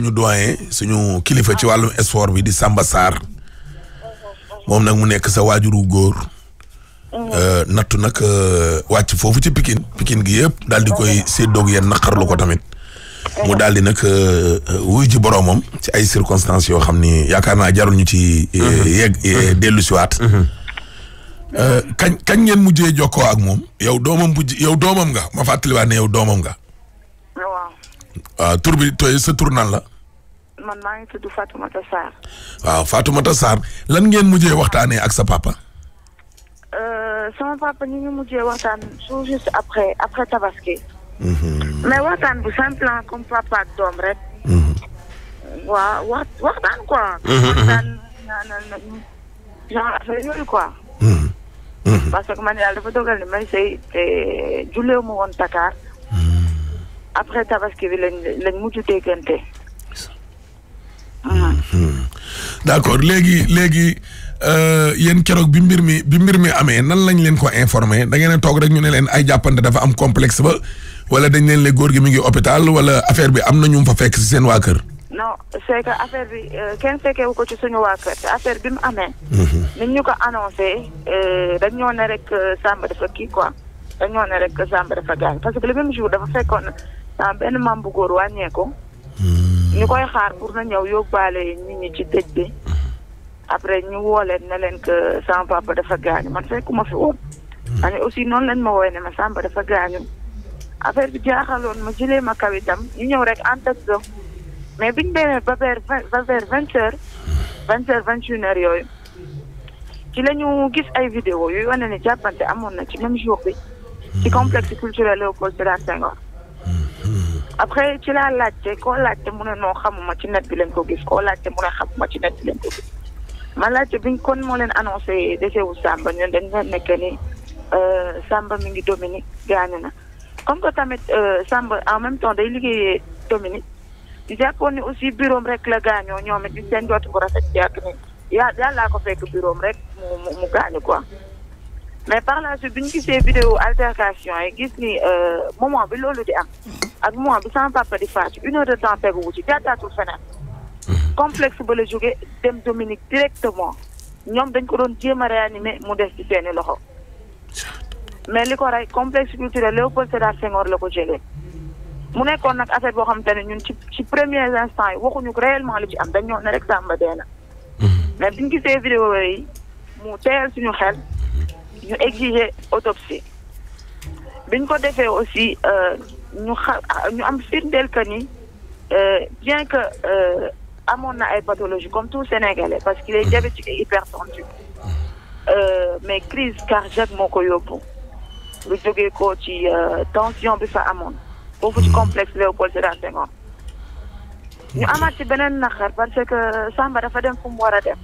ñu doyen suñu kilifa ci wàllum sport bi di Samba Sarr moom nag mu nekk sa waajuru góor. Euh, nattu nag euh, wàcc foofu ci Pikine Pikine gi yëpp daal di koy séddoog yéen naqarlu ko tamit. mu daal di nag euh, wuy ji boroomam ci ay circonstances yoo xam ni yaakaar naa jarul ñu ci. Mhm. yegg mhm. dellu si waat. Mhm. kañ kañ ngeen mujjee jokko ak moom yow doomam bu yow doomam nga ma fàttaliwaat ne yow doomam nga. waaw ah, tur bi tooy sa tur nan la. man maa ngi tudd Fatoumata Sarr. waaw Fatoumata Sarr lan ngeen mujjee waxtaanee ak sa papa. Euh, sama papa ñu ngi mujjee waxtaan su juste après après tabaski. Mhm. mais waxtaan bu simple comme papa ak doom rek. Mhm. waaw wax waxtaan quoi. Mhm, waxtaan naanal na genre affaire yooyu quoi. parce que man yàlla dafa dogal ni may sëy te julleewu ma woon après tabaski bi lañ lañ mujj déggante. Hmm. d' accord léegi léegi euh, yéen keroog bi mbir mi bi mbir mi amee nan lañ leen ko informé da ngeen a toog rek ñu ne leen ay jàppante dafa am complexe ba wala dañ leen le góor gi mi ngi hôpital wala affaire bi am na ñu mu fa fekk si seen waa kër. non c' est que affaire bi euh, kenn fekkewu ko ci suñu waa kër affaire bi mu amee. Hmm. ni ñu ko annoncé euh, dañ ñoo ne rek Samba dafa kii quoi dañ ñoo ne rek Samba dafa gaañ parce que le même jour dafa ah benn maam bu góor wàññeeku. Hmm. ñu koy xaar pour na ñëw yóbbaale nit ñi ci dëj bi. Hmm. après ñu woo leen ne leen que sama papa dafa gaañu man fekkuma fi woon. ma hmm. aussi noonu lañ ma woowee ne ma Samba dafa gaañu. affaire bi jaaxaloon ma jëlee ma itam ñu ñëw rek en taxo mais biñ demee ba vers ba vers vingt heures. yooyu. ci la ñu gis ay vidéo yooyu wane ni jàppante amoon na ci même jour bi. ci complexe culturel Léopold Sédar Senghor. après ci laa laajte koo laajte mu ne noo xamuma ci net bi lañ ko gis koo laajte mu ne xamuma ci net bi lañ ko gis ma laajte biñ kon moo leen annoncé desewu Samba ñun dañ doon nekk ni euh, Samba mi ngi Dominique gaañu na comme que tamit euh, Samba en même temps day liggéeyee Dominique di jàppoon ni aussi bureau rek la gaañoo ñoom it di seen jot bu rafet yàgg ni yaa yàllaa ko fekk bureau rek mu mu gaañu quoi. mais par la suite bi ñu gisee vidéo altercation yi gis ni euh, moment bi loolu di am ak moment bi sama papa di faatu une heure de temps teguwu ci jàttaatul feneen complexe ba la jóge dem Dominique directement ñoom dañ ko doon jéem a réanimer mu des ci seeni loxo mais li ko rey complexe culturel Léopold Sédar Senghor la ko jëlee mu nekkoon nag affaire boo xam te ne ñun ci premier premiers instants yi waxuñu ko réellement li ci am dañ ñoo ne rek Samba dee na hmm. mais bi ñu gisee vidéo suñu xel ñu exiger autopsie biñ ko defee aussi euh, ñu xa ñu am firndeel que ni euh, bien que euh, amoon na ay pathologie comme tout Sénégalais parce qu'il est mm. diabétique et hypertendu mais crise cardiaque moo ko yóbbu lu jógee ko ci tension bi fa amoon foofu ci mm. complexe Léopold Sédar Senghor ñu amaat ci beneen naqar parce que Samba dafa dem fu mu war dem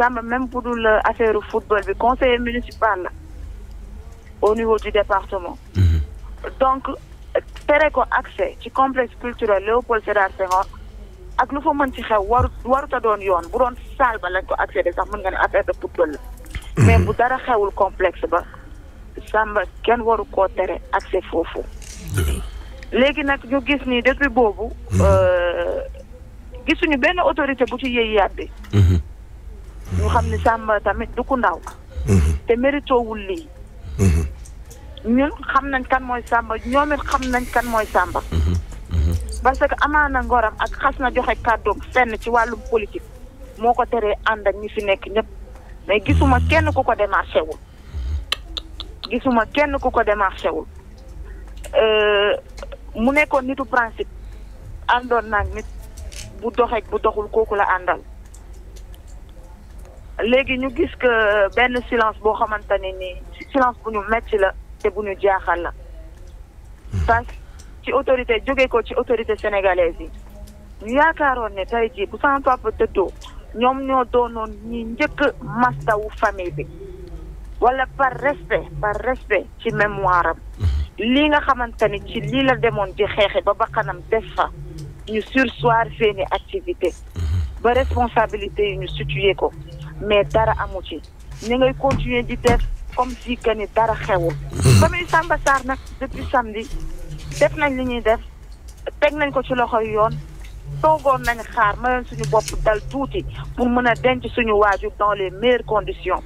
Samba même bu dul affaire football bi conseiller municipal la au niveau du département. Mhm. donc tere ko accès ci complexe culturel Léopold Sédar Senghor ak lu fa mën ci xew waru warut a doon yoon bu doon saal ba lañ ko accéder sax mën nga ne affaire de football la. Mhm. mais bu dara xewul complexe ba Samba kenn waru koo tere accès foofu. léegi nag ñu gis nii depuis boobu. Mhm. Euh, gisuñu benn autorité bu ci yëy yàbbi. ñu xam ne sàmba tamit du ku ndaw. Mhm. te méritoowul lii. Mhm. ñun xam nañ kan mooy Samba ñoom it xam nañ kan mooy Samba. Mhm. parce que amaana ngoram ak xas na joxe kàddoom fenn ci wàllum politique moo ko teree ànd ak ñi fi nekk ñëpp mais gisuma kenn ku ko démarché gisuma kenn ku ko démarché wul euh, mu nekkoon nitu principe àndoon naag nit bu doxeek bu doxul kooku la àndal. léegi ñu gis que benn silence boo xamante ne nii silence bu ñu metti la te bu ñu jaaxal la parce ci autorité jóge ko ci autorité sénégalaise yi ñu yaakaaroon ne tey jii bu sama papa tëddoo ñoom ñoo doonoon ñi njëkk mastawu famille bi wala par respect par respect ci mémoire am lii nga xamante ni ci li la demoon di xeexe ba bakkanam def fa ñu sursoir seeni activité ba responsabilité yi ñu situé ko mais dara amu ci ñu ngay continuer di def comme si que ni dara xewul. famille Samba Sarr nag depuis samedi def nañ li ñuy def teg nañ ko ci loxoy yoon toogoon nañ xaar ma suñu bopp dal tuuti pour mën a denc suñu waaju dans les meilleures conditions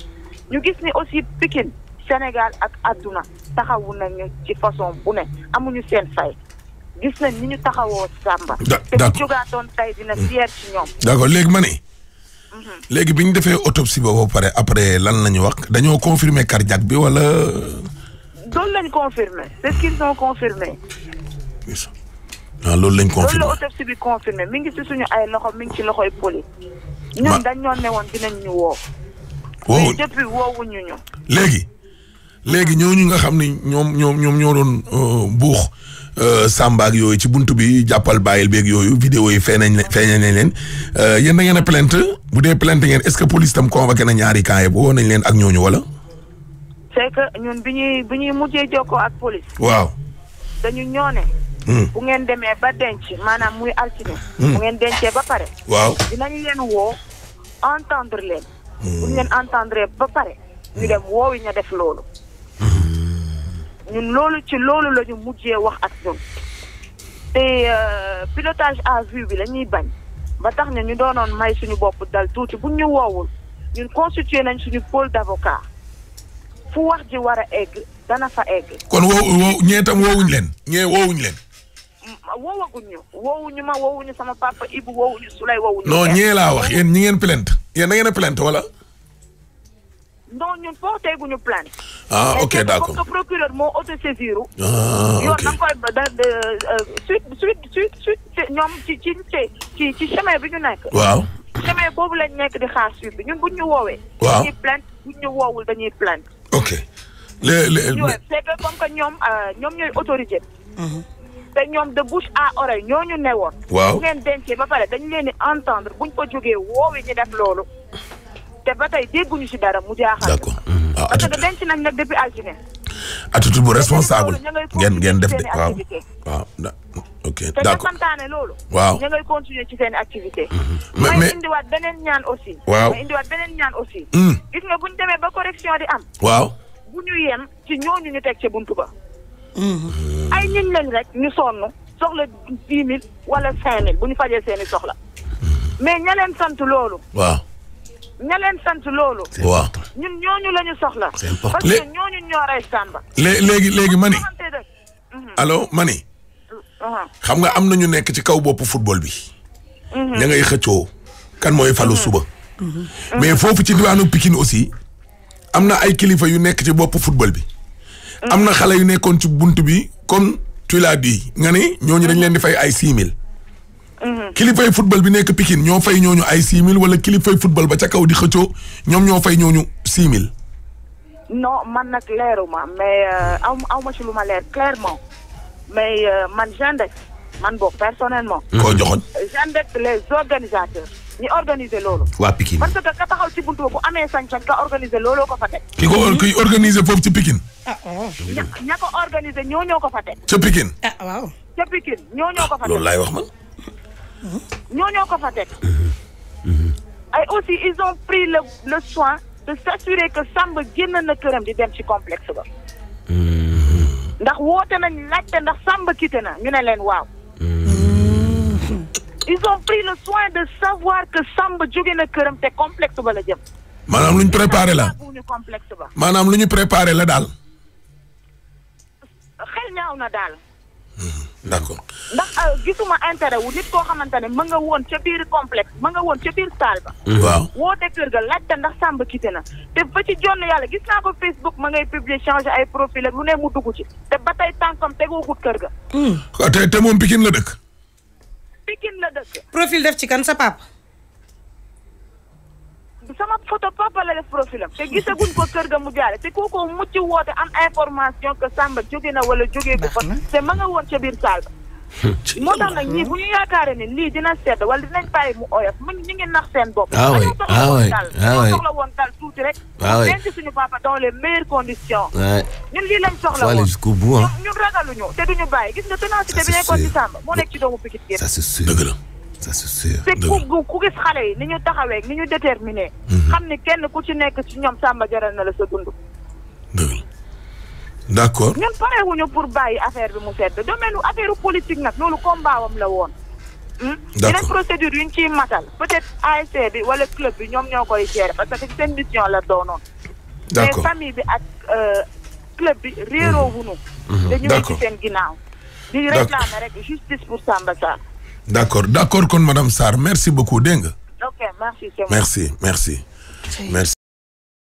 ñu gis ni aussi Pikine Sénégal ak àdduna taxawu nañu ci façon bu ne amuñu seen fay. gis nañ ni ñu taxawoo sàmba da d' accord te tey dina hmm. fier ci ñoom. d' léegi ma ne léegi bi ñu defee autopsie boobu pare après lan la ñu wax dañoo confirmer cardiaque bi wala. loolu lañ confirmé c'est ce qu'ils ont ah, loolu lañ confirmé loolu la autopsie bi mi ngi ci suñu ay loxo mi ngi ci loxoy poli. ñun dañ ñoo ne woon dinañ ñu woo. woo ñu. léegi léegi ñooñu nga xam ni ñoom ñoom ñoom ñoo doon euh, buux. Euh, Samba ak yooyu ci bunt bi jàppal bàyyil beeg yooyu vidéo yi feeñañ leen feeñañ leen euh, yéen da ngeen a plainte bu dee plainte ngeen est-ce que police tam convoqué na ñaari camp yi woo nañ leen ak ñooñu wala. c'est que ñun bi ñuy bi ñuy mujjee jokkoo ak police. waaw dañu ñoo ne. Hmm. bu ngeen demee ba denc maanaam muy altine. Hmm. u ngeen dencee ba pare. waaw dinañ leen woo entendre leen. Hmm. bu ñu leen entendre ba pare. ñu dem woowi ña def loolu. ñun loolu ci loolu lañu ñu mujjee wax ak ñun te euh, pilotage à vue bi la ñuy bañ ba tax ne ñu doonoon may suñu bopp dal tuuti buñ ñu woowul ñun constitué nañ suñu pôle d'avocat fu wax ji war a egg dana fa egg. kon woo woo ñee tam woowuñ leen ñee woowuñ leen. woowaguñ ñu ma woowuñu sama papa Ibou su Souley woowuñu. non ñee laa wax yéen ñi ngeen plainte yéen da ngeen a plainte wala. non ñun porté guñu ah ok d' procureur moo oto ah ok yoon na koy ba euh, suite suite ñoom ci ci ci ci chemin bi ñu nekk. waaw. chemin boobu lañ nekk de xaar suite bi ñu buñ ñu woowee. waaw dañuy plainte buñ ñu woowul dañuy plainte. ok les les. ñu c' est que comme que ñoom euh, ñoom ñooy autorisé. Mhm. te ñoom de bouche à ñu ne newoon. waaw ngeen dencee ba pare dañu leen di entendre buñ ko jógee woowee ñu def loolu. te ba tey dégguñu si dara mu jaaxal. d' accord ah, parce ci nañ nag depuis altine. attitude bu responsable ngeen ngeen def de waaw waaw ok d'accord te santaane loolu. waaw ñu ngay continuer ci seen activité. Mm-hmm. mais mais may indiwaat beneen ñaan aussi. waaw may indiwaat beneen ñaan aussi. Mm. gis nga bu ñu demee ba correction di am. waaw bu ñu yem ci ñooñu ñu teg ca buntu ba. Mm-hmm. Mm. ay ñiñ lañ rek ñu sonn soxla dix mille wala cinq mille bu ñu fajee seen i soxla mm. mais ña leen sant loolu. waaw. ña sant loolu. waaw la ñu soxla. c'est important léegi léegi mani. Mhm. allo mani. Uh-huh. xam nga am na ñu nekk ci kaw boppu football bi. Mhm. ña ngay xëccoo. kan mooy falu mhm. suba. mais foofu ci diwaanu Pikine aussi am na ay kilifa yu nekk ci boppu football bi. am na xale yu nekkoon ci bunt bi comme tu l'as dit nga ni ñooñu dañ leen di fay ay six mille Mm-hmm. kilifay football bi nekk Pikine ñoo fay ñooñu ay six mille wala kilifay football ba ca kaw di xëccoo ñoom ñoo fay ñooñu six mille. non man nag leeruma mais euh, aw aw ma ci lu ma leer clairement mais euh, man gendarme man boog personnellement. Mm-hmm. koo joxoon. gendarme les organisateurs. ñi organiser loolu. waa Pikine parce que ka taxaw ci buntu bu amee sañ-sañ ka organiser looloo ko fa teg. ki ko kiy organiser foofu ci Pikine. ah waaw. ña ko organiser ñoo ñoo ko fa teg. ca Pikine. ah waaw. ca ko fa teg loolu wax man. ñoo ñoo ko fa teg ay aussi ils ont pris le soin de s'assurer que Samba génn na këram di dem ci complexe ba ndax woote nañ laajte ndax Samba quitté na ñu ne leen waaw ils ont pris le soin de savoir que Samba jóge na këram te complexe ba la jëm maanaam lu ñu préparé la complexe ba maanaam lu ñu préparé la daal xel ñaaw na daal d'accord ndax euh, gisuma intérêt wu nit koo xamante ne ma nga woon ca biir complexe ma nga woon ca biir salle ba. Mm-hmm. waaw woo te kër ga laajte ndax Samba quitté na. te ba ci jonn yàlla gis naa ko Facebook ma ngay publier changer ay profil ak lu ne mu dugg ci te ba tey tànkam teguwut kër ga. Mm. Ah, te te moom Pikine la dëkk. Pikine la dëkk. profil def ci kan sa papa. sama photo papa la def profilam te gisaguñ ko kër ga mu jaale te kooku mu ci woote am information que Samba jóge na wala jógee ko fa te ma nga woon ca biir saal ba moo tax nag ñii bu ñu yaakaaree ne lii dina sedd wala dinañ bàyyi mu oyof mu ñu ngi nax seen bopp. waaw waay waaw waay waaw soxla woon dal tuuti rek. waaw ah waay denc suñu papa dans les meilleures conditions. ñun lii lañ soxla woon ñun ragaluñu te duñu bàyyi gis nga tenacité bi nekkoon ci Samba moo nekk ci doomu Pikine. ça c'est sûr dëgg la. ça c'est sûr ku gis xale yi ni ñu taxawee ni ñu déterminé. Mhm. xam ni kenn ku ci nekk ci ñoom Samba jaral na la sa dund. d' accord ñun parewuñu pour bàyyi affaire bi mu sedd domaine affaire politique nag loolu combat wam la woon. Hmm? d' accord yeneen procédure yu ñu ci matal peut-être ASC bi wala club bi ñoom ñoo koy gérer parce que seen mission la doonoon. d' accord mais bi ak euh, club bi réeroo mhm. wuñu. Mhm. dañu nekk seen ginnaaw. di réclamer rek justice pour Samba d' accord d' accord kon madame Sarr merci beaucoup dégg nga. ok merci. merci merci.